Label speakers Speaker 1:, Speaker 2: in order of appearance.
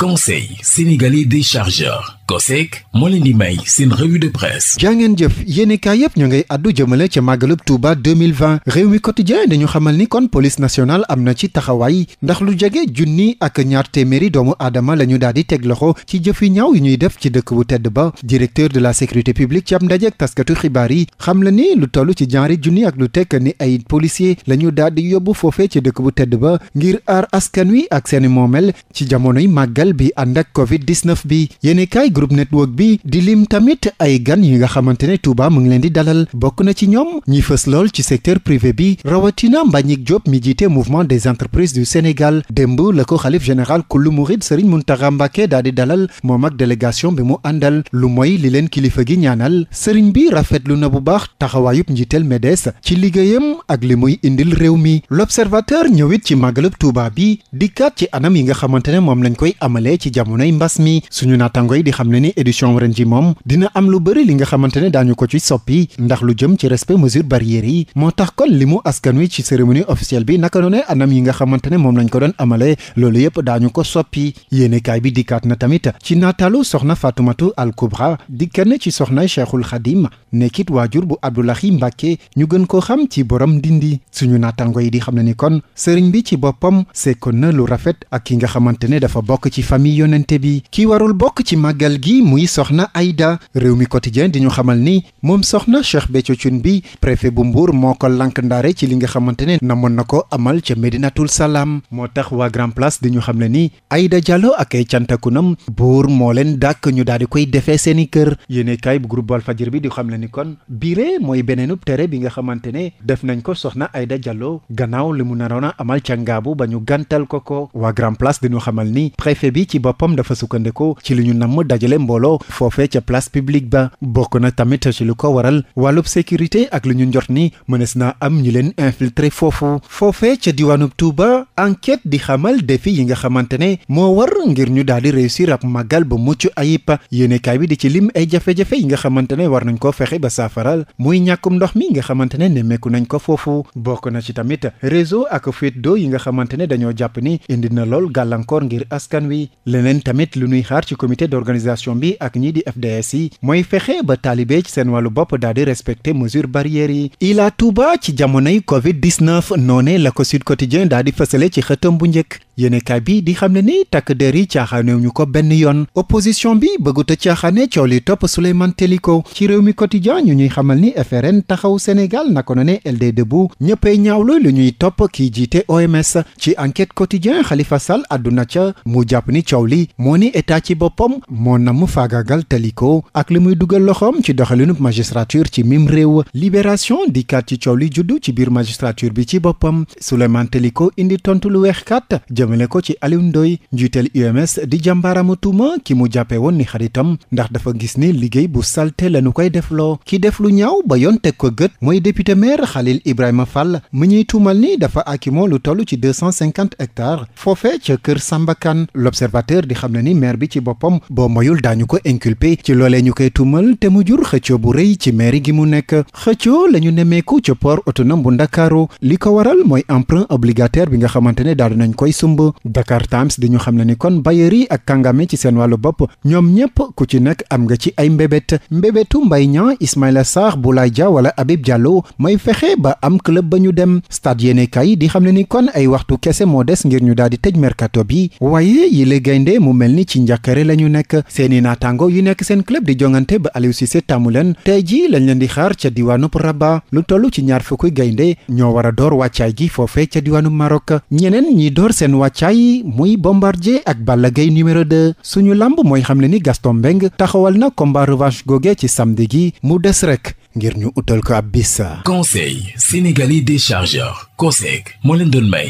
Speaker 1: conseil sénégalais des chargeurs COSEC moo leen di may seen revue de presse jàngeen jëf yéenekaay yépp ñu ngay àddu jëmale ca màggalub Touba 2020 réew mi quotidien dañu xamal ni kon police nationale am na ci taxawaay ndax lu jege junni ak ñaar téeméeri doomu aadama la ñu daal di teg loxo ci jëf yu ñaaw yu ñuy def ci dëkk bu tedd ba directeur de la sécurité publique ci am ndajeek taskatu xibaar yi xam la ni lu toll ci ñaari junni ak lu tekk ni ay policier la ñu daal di yóbbu foofee ci dëkk bu tedd ba ngir askan wi ak ñetteel bi ànd ak covid 19 bi yéeni kaay network bi di lim tamit ay gan yi nga xamante ne Touba mu ngi leen di dalal bokk na ci ñoom ñi fës lool ci secteur privé bi rawatina Mbagnick Diop mi jiite mouvement des entreprises du Sénégal démb la ko xalif général kullu murid Serigne Mountakha Mbacké daal di dalal moom ak délégation bi mu àndal lu mooy li leen kilifa gi ñaanal sëriñ bi rafetlu na bu baax taxawaayub njiiteel MEDES ci liggéeyam ak li muy indil réew mi l'observateur ñëwit ci màggalub Touba bi yi nga xamante ne moom lañ koy amal jëmale ci jamonoy mbas mi suñu naataango yi di xam ne ni édition ren ji moom dina am lu bëri li nga xamante ne daañu ko ci soppi ndax lu jëm ci respect mesure barrières yi moo tax kon li mu askan wi ci cérémonie officielle bi naka noone anam yi nga xamante ne moom lañ ko doon amale loolu yëpp daañu ko soppi yéenekaay bi dikkaat na tamit ci nataalu soxna Fatoumatu Al di kenn ci soxna Cheikhul Khadim nekkit waajur bu Abdoulahi Mbàkke ñu gën koo xam ci borom ndindi di xam ne ni kon sëriñ bi ci boppam sekkoon na lu rafet ak ki nga xamante ne dafa famille yonente bi ki warul bokk ci màggal gi muy soxna Aida réew mi quotidien di ñu xamal ni moom soxna Cheikh Béthio Thioune bi préfet bu mbuur moo ko lank ndaare ci li nga xamante ne namoon na ko amal ca Médinatoul Salam moo tax waa Grand Place di ñu xamle ni Aida Diallo ak ay cantakunam buur moo leen dàkk ñu daal di koy defee seeni kër yéene kaay bu groupe Walfadjri bi di xamle ni kon biire mooy beneenub tere bi nga xamante ne def nañ ko soxna Aida Diallo gannaaw li mu naroon a amal ca Ngaabu ba ñu ko ko bi ci boppam dafa sukkandiku ci lu ñu namm dajale mbooloo foofee ca place publique ba bokk na tamit ci lu ko waral wàllub sécurité ak lu ñu njot ni mënees na am ñu leen infiltré foofu foofee ca diwaanub Touba enquête di xamal défi yi nga xamante ne moo war ngir ñu daal di réussir ab màggal ba mucc ayib yéenekaay bi di ci lim ay jafe-jafe yi nga xamante ne war nañ koo fexe ba saafaral muy ñàkkum ndox mi nga xamante ne nemmeeku nañ ko foofu bokk na ci tamit réseau ak fuite d'eau yi nga xamante ne dañoo jàpp bi leneen tamit lu ñuy xaar ci comité d'organisation bi ak ñi di FDS yi mooy fexe ba taalibe ci seen wàllu bopp daal di mesure barrières yi Ila Touba ci jamonoy covid noonee la ko Sud Quotidien daal fësale ci xëtam bu njëkk yéenekaay bi di xam ne takk der yi caaxaanew ñu ko benn yoon opposition bi bëggut a caaxaane coow li topp Souleymane Teliko ci réew mi quotidien ñu ñuy xamal ni FRN taxaw Sénégal na ne LD Debout ñëppay ñaawlu lu ñuy ni moo ni état ci boppam moo namm faagaagal taliko ak li muy dugal loxoom ci doxalinub magistrature ci mim réew libération di kat ci coow li juddu ci biir magistrature bi ci boppam Souleymane Teliko indi tontu lu weex kat jëmale ko ci Aliou Ndoye njiital UMS di jàmbaaramu tuuma ki mu jàppe woon ni xaritam ndax dafa gis ni liggéey bu salte lañu koy defloo ki def lu ñaw ba yoon teg ko gët mooy député maire Khalil Ibrahima Fall mu ñuy tuumal ni dafa akimoo lu toll ci 250 hectares foofe ca l'observateur di xam ne ni maire bi ci boppam boo moyul daañu ko inculpé ci loolee ñu koy tuumal te mu jur xëccoo bu rëy ci mairie gi mu nekk xëccoo la ñu nemmeeku ca port autonome bu ndakaaru li ko waral mooy emprunt obligataire bi nga xamante ne daal dinañ koy sumb Dakar Times di ñu xam ne ni kon bailleurs yi ak kàngame ci seen wàllu bopp ñoom ñépp ku ci nekk am nga ci ay mbébét mbay Mbaye Niang Ismaïla bu Boulaye Dia wala Habib Diallo may fexe ba am club ba ñu dem stade yéene di xam ne ni kon ay waxtu kese moo des ngir ñu daal di tëj mercato bi les gaynde mu mel ni ci njàkkare la ñu nekk seeni naataango yu nekk seen club di jongante ba Aliou Cissé tàmmu leen tey jii lañ leen di xaar ca diwaanub Rabat lu toll ci ñaar fukki gaynde ñoo war a door wàccaay gi foofee ca diwaanub Maroc ñeneen ñi door seen wàccaay muy Bombardier ak Balla Gaye numéro 2 suñu làmb mooy xam ne ni Gaston mbeng taxawal na combat revanche goge ci samedi gi mu des rek ngir ñu utal ko ab bis. Conseil sénégalais des chargeurs COSEC moo leen